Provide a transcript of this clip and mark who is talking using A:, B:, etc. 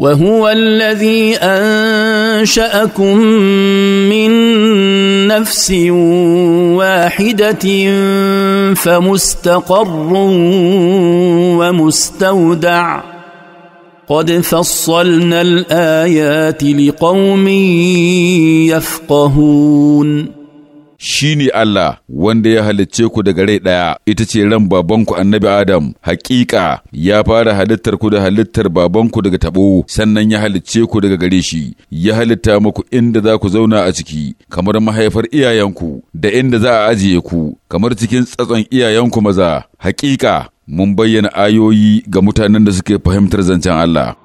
A: وهو الذي انشاكم من نفس واحده فمستقر ومستودع قد فصلنا الايات لقوم يفقهون
B: shi ne Allah wanda ya halicce ku daga rai ɗaya ita ce ran babanku annabi Adam Haƙiƙa ya fara halittar ku da halittar babanku daga taɓo sannan ya halicce ku daga gare shi ya halitta muku inda za ku zauna a ciki kamar mahaifar iyayenku da inda za a ajiye ku kamar cikin tsatson iyayenku maza Haƙiƙa mun bayyana ayoyi ga mutanen da suke fahimtar zancen Allah